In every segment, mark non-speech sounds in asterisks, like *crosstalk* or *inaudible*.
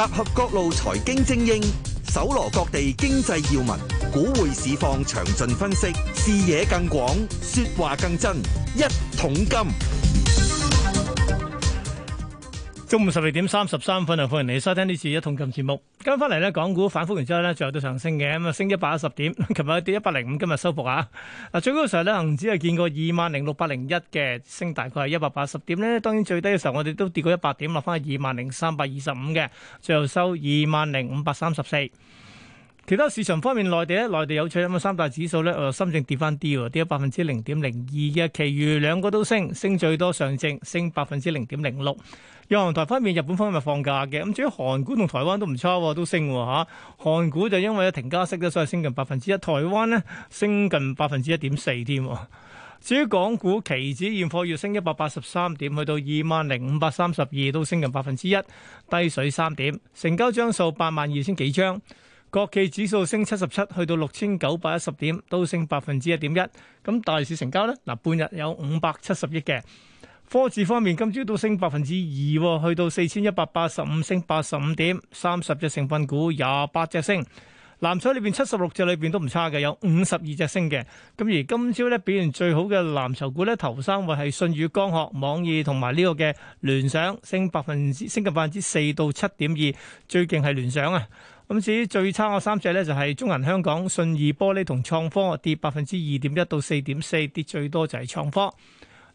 集合各路財經精英，搜羅各地經濟要聞，股匯市況詳盡分析，視野更廣，說話更真，一桶金。中午十二點三十三分啊，歡迎你收聽呢次一桶金節目。跟翻嚟，呢，港股反覆完之後呢，最後都上升嘅，咁啊升一百一十點。琴日跌一百零五，今日收復啊。嗱，最高嘅時候咧，恒指係見過二萬零六百零一嘅，升大概係一百八十點呢。當然最低嘅時候，我哋都跌過一百點，落翻二萬零三百二十五嘅，最後收二萬零五百三十四。其他市場方面，內地咧，內地有趣咁啊。三大指數咧，誒，深圳跌翻啲，跌咗百分之零點零二嘅。其餘兩個都升，升最多上證升百分之零點零六。銀行台方面，日本方面放假嘅咁，至於韓股同台灣都唔差，都升吓。韓、啊、股就因為停加息咗，所以升近百分之一。台灣呢，升近百分之一點四添。至於港股期指現貨月升一百八十三點，去到二萬零五百三十二，都升近百分之一，低水三點，成交張數八萬二千幾張。國企指數升七十七，去到六千九百一十點，都升百分之一點一。咁大市成交咧，嗱，半日有五百七十億嘅。科指方面，今朝都升百分之二，去到四千一百八十五，升八十五點，三十隻成分股廿八隻升。藍籌裏邊七十六隻裏邊都唔差嘅，有五十二隻升嘅。咁而今朝咧表現最好嘅藍籌股咧，頭三位係信宇光學、網易同埋呢個嘅聯想，升百分之升近百分之四到七點二，最勁係聯想啊。咁至於最差嘅三隻咧，就係中銀香港、信義玻璃同創科跌，跌百分之二點一到四點四，跌最多就係創科。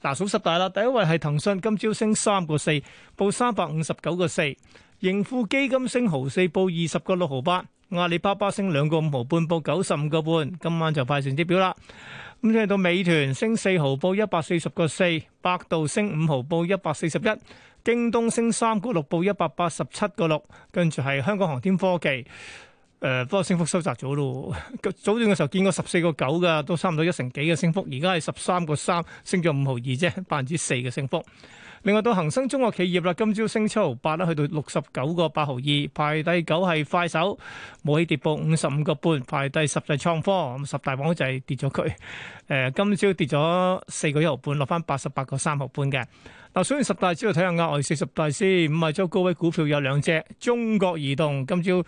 嗱，數十大啦，第一位係騰訊，今朝升三個四，報三百五十九個四。盈富基金升毫四，報二十個六毫八。阿里巴巴升兩個五毫半，報九十五個半，今晚就派成績表啦。咁再到美團升四毫，報一百四十個四；百度升五毫，報一百四十一；京東升三個六，報一百八十七個六。跟住係香港航天科技。誒不過升幅收窄咗咯喎，早段嘅時候見過十四個九㗎，都差唔多一成幾嘅升幅。而家係十三個三，升咗五毫二啫，百分之四嘅升幅。另外到恆生中國企業啦，今朝升七毫八啦，去到六十九個八毫二，排第九係快手，冇起跌報五十五個半，排第十就係創科，咁十大榜就係跌咗佢。誒，今朝跌咗四個一毫半，落翻八十八個三毫半嘅。嗱，所以十大只要睇下額外四十大先。五日周高位股票有兩隻，中國移動今朝。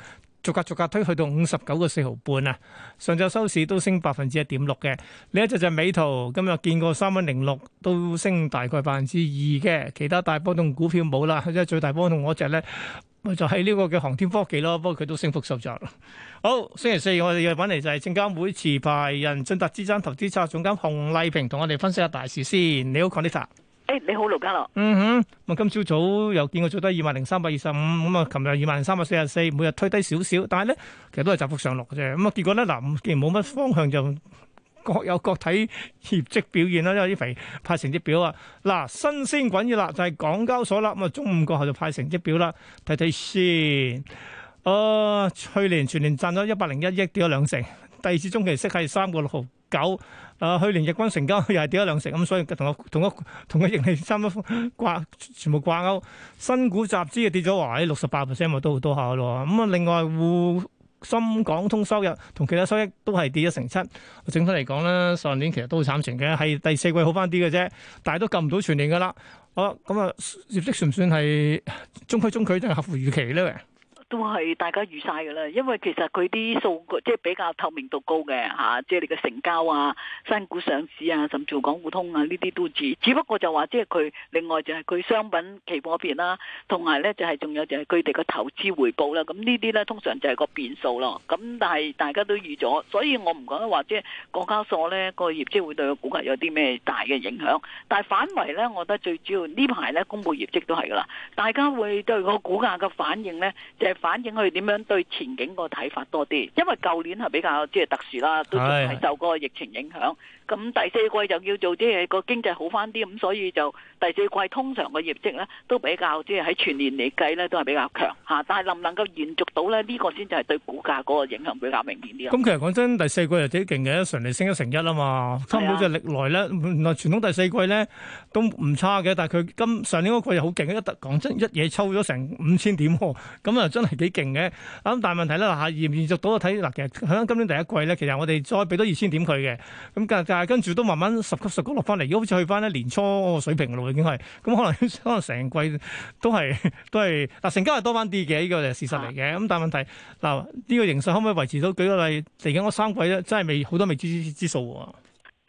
逐格逐格推去到五十九個四毫半啊！上晝收市都升百分之一點六嘅。另一隻就美圖，今日見過三蚊零六，都升大概百分之二嘅。其他大波動股票冇啦，即係最大波動嗰隻咧，咪就係呢個嘅航天科技咯。不過佢都升幅收窄。好，星期四我哋揾嚟就係證監會持牌人進達資產投資策總監熊麗萍，同我哋分析下大市先。你好，Conita。誒，你好，盧家樂。嗯哼，咁啊，今朝早又見佢做低二萬零三百二十五，咁啊，琴日二萬零三百四十四，每日推低少少，但係咧，其實都係窄幅上落嘅啫。咁啊，結果咧，嗱，既然冇乜方向，就各有各睇業績表現啦。因為啲肥派成績表啊，嗱，新鮮滾熱辣，就係港交所啦。咁啊，中午過後就派成績表啦，睇睇先。誒，去年全年賺咗一百零一億，跌咗兩成。第二次中期息係三個六毫。九，啊，去年日均成交又係跌咗兩成，咁所以同我同我同佢盈利差唔多掛全部掛鈎，新股集資啊跌咗話六十八 percent，咪都好多下咯。咁啊，另外滬深港通收入同其他收益都係跌一成七。整體嚟講咧，上年其實都慘情嘅，係第四季好翻啲嘅啫，但係都救唔到全年噶啦。好，咁啊，業、嗯、績算唔算係中規中矩，定係合乎預期咧？喂。都係大家預晒㗎啦，因為其實佢啲數據即係比較透明度高嘅嚇、啊，即係你嘅成交啊、新股上市啊、甚至乎港股通啊呢啲都知。只不過就話即係佢另外就係佢商品期貨嗰邊啦，同埋呢就係仲有就係佢哋嘅投資回報啦。咁呢啲呢，通常就係個變數咯。咁但係大家都預咗，所以我唔覺得話即係港交所呢個業績會對個股價有啲咩大嘅影響。但係反為呢，我覺得最主要最呢排呢公佈業績都係㗎啦，大家會對個股價嘅反應呢。就係、是。反映佢點樣對前景個睇法多啲，因為舊年係比較即係、就是、特殊啦，都仲係受嗰個疫情影響。 *noise* 咁第四季就叫做即係個經濟好翻啲，咁所以就第四季通常個業績咧都比較即係喺全年嚟計咧都係比較強嚇，但係能唔能夠延續到咧呢個先就係對股價嗰個影響比較明顯啲。咁其實講真，第四季又幾勁嘅，上年升一成一啊嘛，差唔多就歷來咧，原來傳統第四季咧都唔差嘅，但係佢今上年嗰季又好勁，一突講真一嘢抽咗成五千點，咁啊真係幾勁嘅。咁但係問題咧嚇延唔延續到啊？睇嗱，其實響今年第一季咧，其實我哋再俾多二千點佢嘅，咁今日。但係跟住都慢慢十級十級落翻嚟，如果好似去翻咧年初個水平嘅咯，已經係咁，可能可能成季都係都係嗱，成交係多翻啲嘅，呢個係事實嚟嘅。咁但係問題嗱，呢個形勢可唔可以維持到？舉個例嚟緊，嗰三季咧真係未好多未知之之數喎。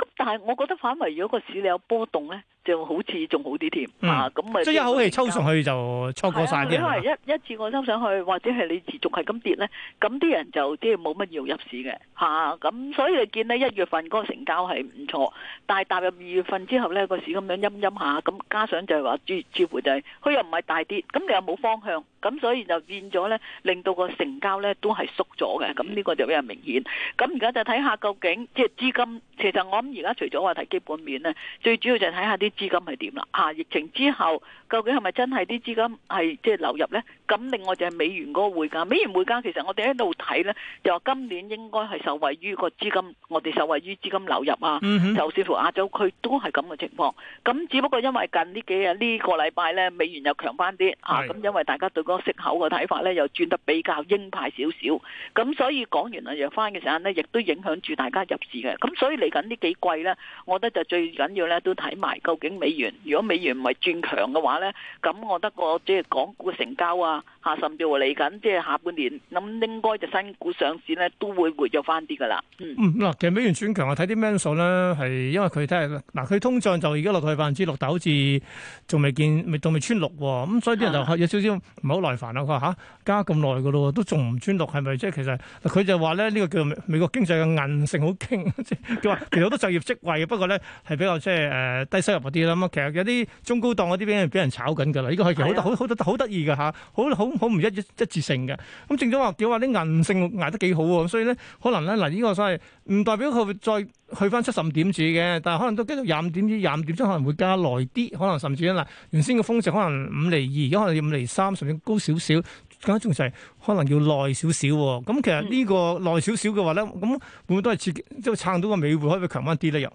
咁但係我覺得反為，如果個市你有波動咧。就好似仲好啲添，啊咁咪即係一口氣抽上去就錯過曬嘅。因為一一次過抽上去，或者係你持續係咁跌咧，咁啲人就即係冇乜要入市嘅，嚇咁所以你見咧一月份嗰個成交係唔錯，但係踏入二月份之後咧個市咁樣陰陰下，咁加上就係話，似似乎就係佢又唔係大跌，咁你又冇方向，咁所以就變咗咧，令到個成交咧都係縮咗嘅，咁呢個就比較明顯。咁而家就睇下究竟即係資金，其實我諗而家除咗話睇基本面咧，最主要就係睇下啲。資金係點啦？啊，疫情之後究竟係咪真係啲資金係即係流入咧？咁另外就係美元嗰個匯價，美元匯價其實我哋喺度睇咧，就話今年應該係受惠於個資金，我哋受惠於資金流入啊。嗯、哼就似乎亞洲區都係咁嘅情況，咁只不過因為近幾、這個、呢幾日呢個禮拜咧，美元又強翻啲的啊。咁因為大家對嗰個息口嘅睇法咧又轉得比較鷹派少少，咁所以講完啊弱翻嘅時間咧，亦都影響住大家入市嘅。咁所以嚟緊呢幾季咧，我覺得就最緊要咧都睇埋究美元如果美元唔係轉強嘅話咧，咁我覺得個即係港股嘅成交啊，吓甚至乎嚟緊即係下半年諗應該就新股上市咧都會活躍翻啲噶啦。嗯，嗱、嗯，其實美元轉強啊，睇啲咩數咧，係因為佢睇下，嗱，佢通脹就而家落到去百分之六，但好似仲未見未到未穿六、哦，咁所以啲人就有少少唔係好耐煩啊。佢話吓加咁耐噶咯，都仲唔穿六，係咪即係其實佢就話咧呢、這個叫美國經濟嘅韌性好勁，即佢話其實好多就業職位， *laughs* 不過咧係比較即係誒低收入。咁啊，其實有啲中高檔嗰啲俾人俾人炒緊㗎啦，呢、這個係其實、哎、呀好得好好得好得意㗎嚇，好好好唔一一致性嘅。咁正所謂叫話啲銀性捱得幾好喎，咁所以咧可能咧嗱，呢、這個所謂唔代表佢會會再去翻七十五點子嘅，但係可能都跟住廿五點子、廿五點鐘可能會加耐啲，可能甚至咧嗱，原先嘅風勢可能五厘二，而家可能要五厘三，甚至高少少。更加仲就係可能要耐少少喎。咁其實呢個耐少少嘅話咧，咁、嗯、會唔會都係刺激即係撐到個尾會可以強翻啲咧？又？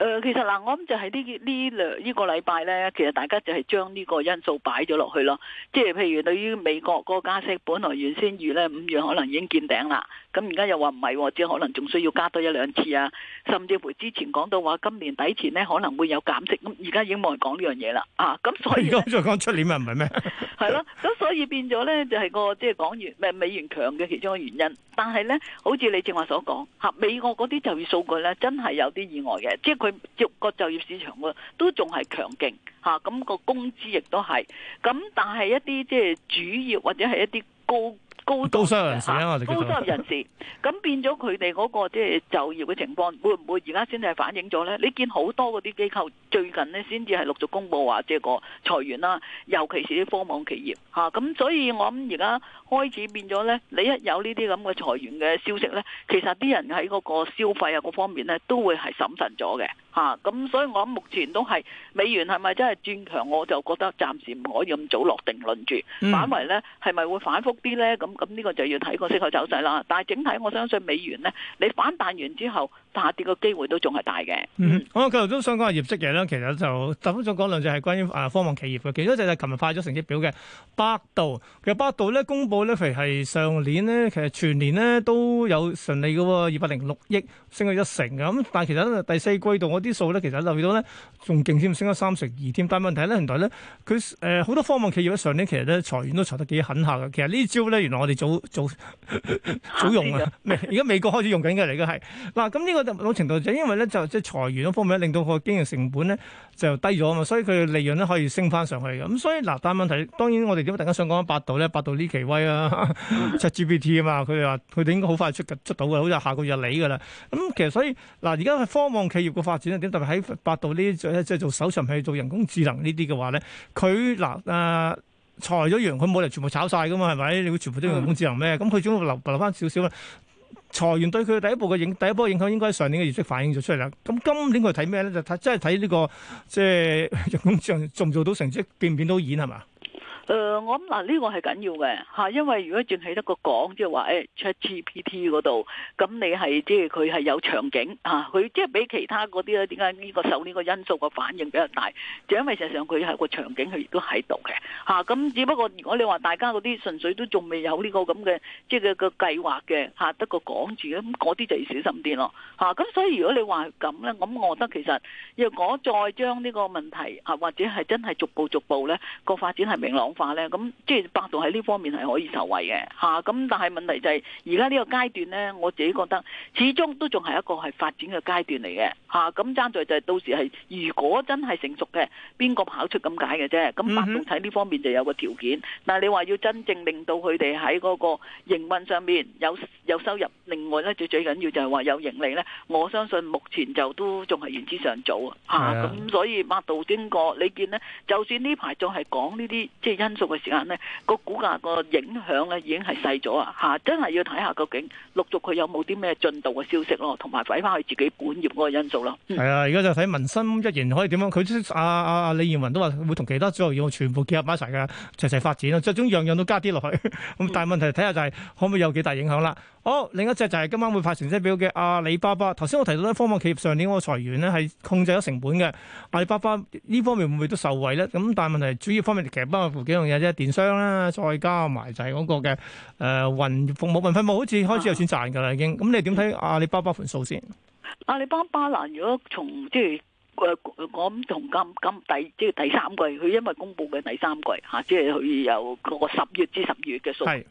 誒、呃，其實嗱、呃，我諗就係、這個、呢呢兩依個禮拜咧，其實大家就係將呢個因素擺咗落去咯。即係譬如對於美國個加息，本來原先預咧五月可能已經見頂啦，咁而家又話唔係，即可能仲需要加多一兩次啊。甚至乎之前講到話今年底前呢可能會有減息，咁而家已經冇人講呢樣嘢啦。啊，咁所以而家再講出年咪唔係咩？係咯，咁、 *laughs* 啊、所以變咗咧就係個即係講完，咪美元強嘅其中嘅原因。但係咧，好似你正話所講，嚇美國嗰啲就業數據咧真係有啲意外嘅，即係佢。逐個就業市場都仲係強勁吓，咁、啊個工資亦都係，咁但係一啲即係主要或者係一啲高。高收入人士啊，高收入人士，咁變咗佢哋嗰個即係就業嘅情況，會唔會而家先至係反映咗咧？你見好多嗰啲機構最近咧，先至係陸續公佈話即係個裁員啦、啊，尤其是啲科網企業吓，咁、啊、所以我諗而家開始變咗咧，你一有呢啲咁嘅裁員嘅消息咧，其實啲人喺嗰個消費啊各方面咧，都會係審慎咗嘅。吓，咁所以我諗目前都係美元係咪真係轉強，我就覺得暫時唔可以咁早落定論住，反為咧係咪會反覆啲咧？咁咁呢個就要睇個息口走勢啦。但係整體我相信美元咧，你反彈完之後大跌嘅機會都仲係大嘅。嗯，我繼續都想講下業績嘅咧，其實就特登想講兩隻係關於誒科網企業嘅，其中就係琴日派咗成績表嘅百度，其實百度咧公布咧，譬如係上年咧，其實全年咧都有純利嘅，二百零六億，升咗一成咁，但係其實第四季度我啲數咧其實留意到咧仲勁添，升咗三成二添。但係問題咧，原來咧佢誒好多科網企業咧上年其實咧裁員都裁得幾狠下嘅。其實招呢招咧原來我哋早早早用啊，而家 *laughs* 美國開始用緊嘅嚟嘅係。嗱，咁呢個老程度就因為咧就即係裁員嗰方面令到個經營成本咧就低咗啊嘛，所以佢嘅利潤咧可以升翻上去嘅。咁所以嗱，但係問題當然我哋點解大家想講百度咧？百度呢期威啊，出 GPT 啊嘛，佢哋話佢哋應該好快出出到嘅，好似下個月嚟㗎啦。咁其實所以嗱，而家科網企業嘅發展點特別喺百度呢即係做搜尋去做人工智能呢啲嘅話咧，佢嗱誒裁咗員，佢冇嚟全部炒晒噶嘛，係咪？你會全部都用人工智能咩？咁佢總會留留翻少少啦。裁員對佢第一步嘅影，第一波影響應該上年嘅業績反映咗出嚟啦。咁今年佢睇咩咧？就睇，是這個，即係睇呢個即係人工智能做唔做到成績，變唔變到演，係咪？誒、呃，我諗嗱，呢、啊這個係緊要嘅吓、啊，因為如果淨係得個講，即係話 ChatGPT 嗰度，咁、哎、你係即係佢係有場景啊，佢即係比其他嗰啲咧，點解呢個受呢個因素嘅反應比較大？就因為事實上佢係個場景，佢亦都喺度嘅吓。咁、啊、只不過如果你話大家嗰啲純粹都仲未有呢個咁嘅即係個計劃嘅吓、啊，得個講住，咁嗰啲就要小心啲咯吓。咁、啊、所以如果你話咁樣呢，咁我覺得其實若果再將呢個問題吓、啊，或者係真係逐步逐步咧、呢個發展係明朗化咧，咁即係百度喺呢方面係可以受惠嘅，吓、嗯、咁。但係問題就係而家呢個階段咧，我自己覺得始終都仲係一個係發展嘅階段嚟嘅，吓咁。爭在就係到時係如果真係成熟嘅，邊個跑出咁解嘅啫？咁百度喺呢方面就有個條件，但係你話要真正令到佢哋喺嗰個營運上面有有收入，另外咧最最緊要就係話有盈利咧，我相信目前就都仲係言之尚早啊，吓、啊、咁。所以百度經過你見呢就算呢排仲係講呢啲即係。因素嘅時間咧，個股價個影響咧已經係細咗啊！嚇，真係要睇下究竟陸續佢有冇啲咩進度嘅消息咯，同埋擺翻佢自己本業嗰個因素咯。係啊，而家就睇民生一言可以點樣？佢阿阿阿李彥文都話會同其他諸多業務全部結合埋一齊嘅齊齊發展咯，最終樣樣都加啲落去。咁但係問題睇下就係可唔可以有幾大影響啦？哦，另一隻就係今晚會發成績表嘅阿里巴巴。頭先我提到咧，科技企業上年嗰個裁員咧係控制咗成本嘅，阿里巴巴呢方面會唔會都受惠咧？咁但係問題主要方面其實包括幾樣嘢啫，電商啦，再加埋就係嗰個嘅誒雲服務、雲服務，好似開始有錢賺噶啦已經。咁、啊、你點睇阿里巴巴盤數先？阿里、啊、巴巴嗱如果從即係誒、呃，我諗從今今第即係第三季，佢因為公佈嘅第三季嚇、啊，即係佢有嗰個十月至十二月嘅數。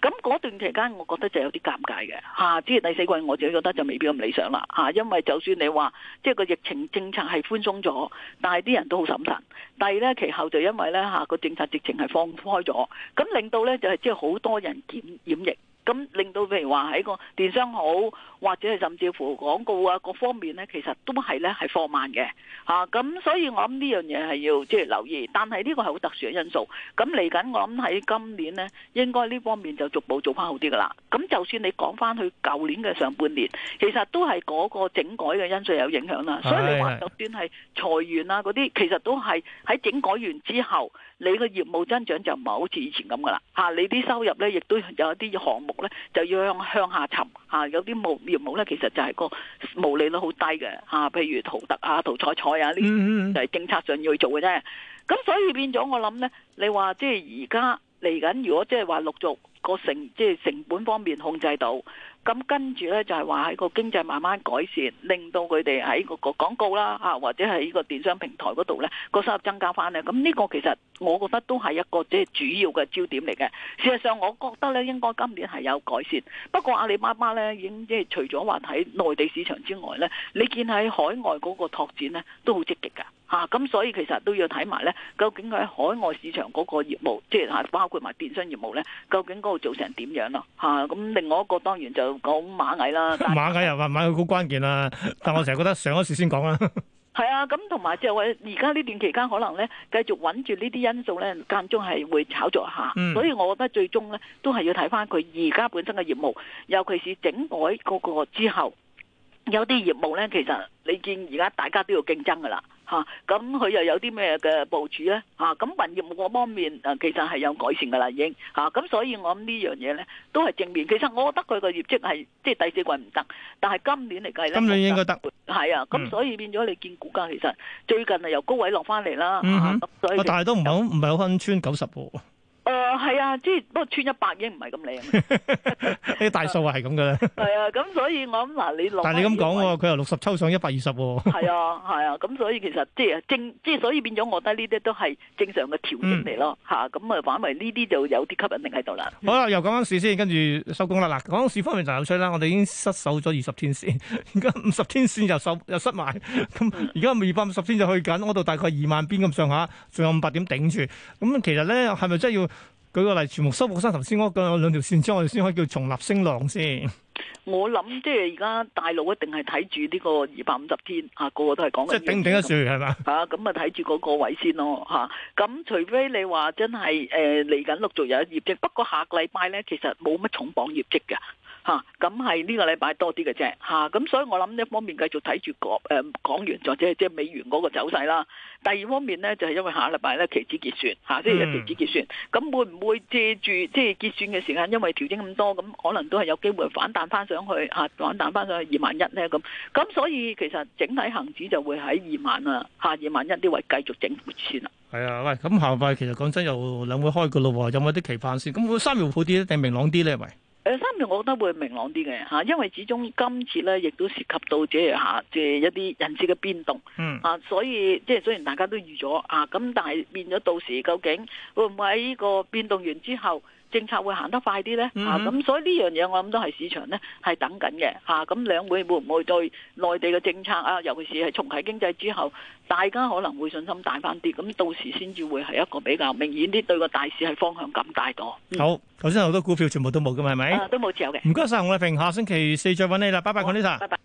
咁嗰段期間，我覺得就有啲尷尬嘅嚇。至、啊、於第四季，我自己覺得就未必咁理想啦嚇、啊，因為就算你話即係個疫情政策係寬鬆咗，但係啲人都好審慎。第二咧，其後就因為咧嚇、啊、個政策直情係放開咗，咁、啊、令到咧就係即係好多人染染疫。咁令到譬如話喺個電商好，或者係甚至乎廣告啊各方面咧，其實都係咧係放慢嘅吓，咁、啊、所以我諗呢樣嘢係要即係留意，但係呢個係好特殊嘅因素。咁嚟緊我諗喺今年咧，應該呢方面就逐步做翻好啲噶啦。咁就算你講翻去舊年嘅上半年，其實都係嗰個整改嘅因素有影響啦。所以你話就算係裁員啊嗰啲，其實都係喺整改完之後你嘅業務增長就唔係好似以前咁噶啦吓，你啲收入咧亦都有一啲項目，.咧就要向向下沉嚇，有啲業務業務咧其實就係個毛利率好低嘅嚇，譬如淘特啊、淘菜菜啊呢啲，就係政策上要做嘅啫。咁所以變咗我諗咧，你話即係而家嚟緊，如果即係話陸續個成即係成本方面控制到。 *music* *music* 咁跟住呢，就係話喺個經濟慢慢改善，令到佢哋喺個個廣告啦啊，或者係呢個電商平台嗰度呢個收入增加翻呢。咁、這、呢個其實我覺得都係一個即係主要嘅焦點嚟嘅。事實上，我覺得呢應該今年係有改善。不過阿里巴巴呢，已經即係除咗話喺內地市場之外呢，你見喺海外嗰個拓展呢都好積極㗎。嚇，咁、啊、所以其實都要睇埋咧，究竟佢喺海外市場嗰個業務，即係嚇，包括埋電商業務咧，究竟嗰度做成點樣咯、啊？嚇、啊，咁另外一個當然就講螞蟻啦。螞蟻又話買佢好關鍵啊！ *laughs* 但我成日覺得上一次先講啦。係啊，咁同埋即係或者而家呢段期間，可能咧繼續揾住呢啲因素咧間中係會炒作下。嗯、所以我覺得最終咧都係要睇翻佢而家本身嘅業務，尤其是整改嗰個之後，有啲業務咧其實你見而家大家都要競爭噶啦。吓，咁佢、啊、又有啲咩嘅部署咧？嚇、啊，咁物業嗰方面啊，其實係有改善噶啦，已經嚇，咁、啊啊啊、所以我諗呢樣嘢咧都係正面。其實我覺得佢個業績係即係第四季唔得，但係今年嚟計咧，今年應該得，係啊，咁、嗯啊、所以變咗你見股價其實最近係由高位落翻嚟啦，但係都唔好唔係有好溫穿九十喎。誒，係、呃、啊，即係不過穿一百億唔係咁靚，啲大數係咁嘅咧。係啊，咁所以我諗嗱、啊，你六，但係你咁講喎，佢又六十抽上一百二十喎。係啊，係啊，咁、 *laughs* 啊啊、所以其實即係正，即係所以變咗，我覺得呢啲都係正常嘅調整嚟咯。吓、嗯，咁啊，反為呢啲就有啲吸引力喺度啦。嗯、好啦，又講返市先，跟住收工啦。嗱，講市方面就有趣啦，我哋已經失守咗二十天線，而家五十天線又失又失埋。咁而家咪二百五十天就去緊，我度大概二萬邊咁上下，仲有五百點頂住。咁其實咧，係咪真係要舉個例，全部收復生頭先嗰兩條線之後，我哋先可以叫重立升浪先。我諗即係而家大陸一定係睇住呢個二百五十天，啊，個個都係講緊。即係頂唔頂得住係嘛？吓咁樣嗎啊睇住嗰個位先咯，吓、啊、咁除非你話真係誒嚟緊陸續有業績，不過下個禮拜咧其實冇乜重磅業績嘅。吓，咁係呢個禮拜多啲嘅啫，吓、啊，咁所以我諗一方面繼續睇住港誒港元，或者即係美元嗰個走勢啦。第二方面咧，就係、是、因為下個禮拜咧期指結算，吓、啊，即係期指結算，咁、啊、會唔會借住即係結算嘅時間，因為調整咁多，咁、啊、可能都係有機會反彈翻上去，吓、啊，反彈翻上去二萬一咧，咁、啊，咁、啊、所以其實整體恒指就會喺二萬啦，吓、啊，二萬一啲位繼續整活先啦。係啊，喂，咁下個禮拜，其實講真又兩會開噶咯，有冇啲期盼先？咁會三月會好啲定明朗啲咧？咪？誒，三月我覺得會明朗啲嘅吓，因為始終今次咧亦都涉及到即係吓，即係一啲人事嘅變動，嗯啊，所以即係雖然大家都預咗啊，咁但係變咗到時究竟會唔會喺呢個變動完之後？政策會行得快啲咧，嚇咁所以呢樣嘢我諗都係市場咧係等緊嘅嚇。咁兩會會唔會對內地嘅政策啊，尤其是係重啟經濟之後，大家可能會信心大翻啲。咁到時先至會係一個比較明顯啲對個大市係方向感大個。好，頭先好多股票全部都冇嘅係咪？啊，都冇持有嘅。唔該曬，熊麗萍，下星期四再揾你啦。拜拜，鄺麗莎。拜拜。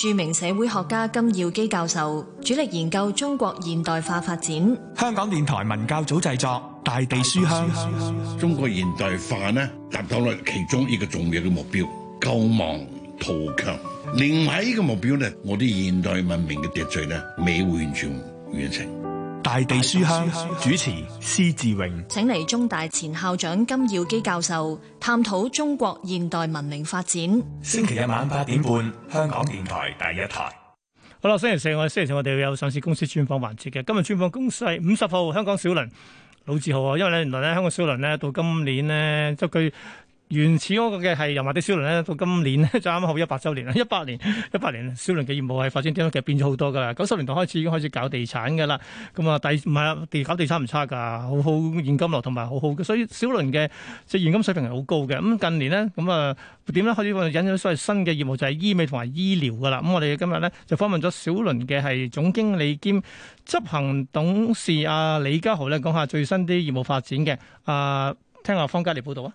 著名社會學家金耀基教授主力研究中國現代化發展。香港電台文教組製作。大地書香，中國現代化呢達到咗其中一個重要嘅目標，救亡圖強。另外呢個目標呢，我啲現代文明嘅秩序呢，未完全完成。大地書香，書香主持施志榮，請嚟中大前校長金耀基教授探討中國現代文明發展。星期日晚八點半，香港電台第一台。好啦，星期四我星期四我哋會有上市公司專訪環節嘅，今日專訪公司係五十號香港小輪。老字號啊，因為咧原來咧香港小輪咧，到今年咧即係佢。原始嗰個嘅係油麻地小輪咧，到今年咧就啱啱好一百週年啦。一百年，一百年，小輪嘅業務係發展點咧？其實變咗好多噶啦。九十年代開始已經開始搞地產噶啦。咁啊，第唔係啊地搞地產唔差噶，好好現金流同埋好好嘅，所以小輪嘅即係現金水平係好高嘅。咁近年呢，咁啊點咧開始引咗所謂新嘅業務就係，是，醫美同埋醫療噶啦。咁我哋今日咧就訪問咗小輪嘅係總經理兼執行董事阿，啊，李家豪咧，講下最新啲業務發展嘅。啊，呃，聽下方家烈報道啊！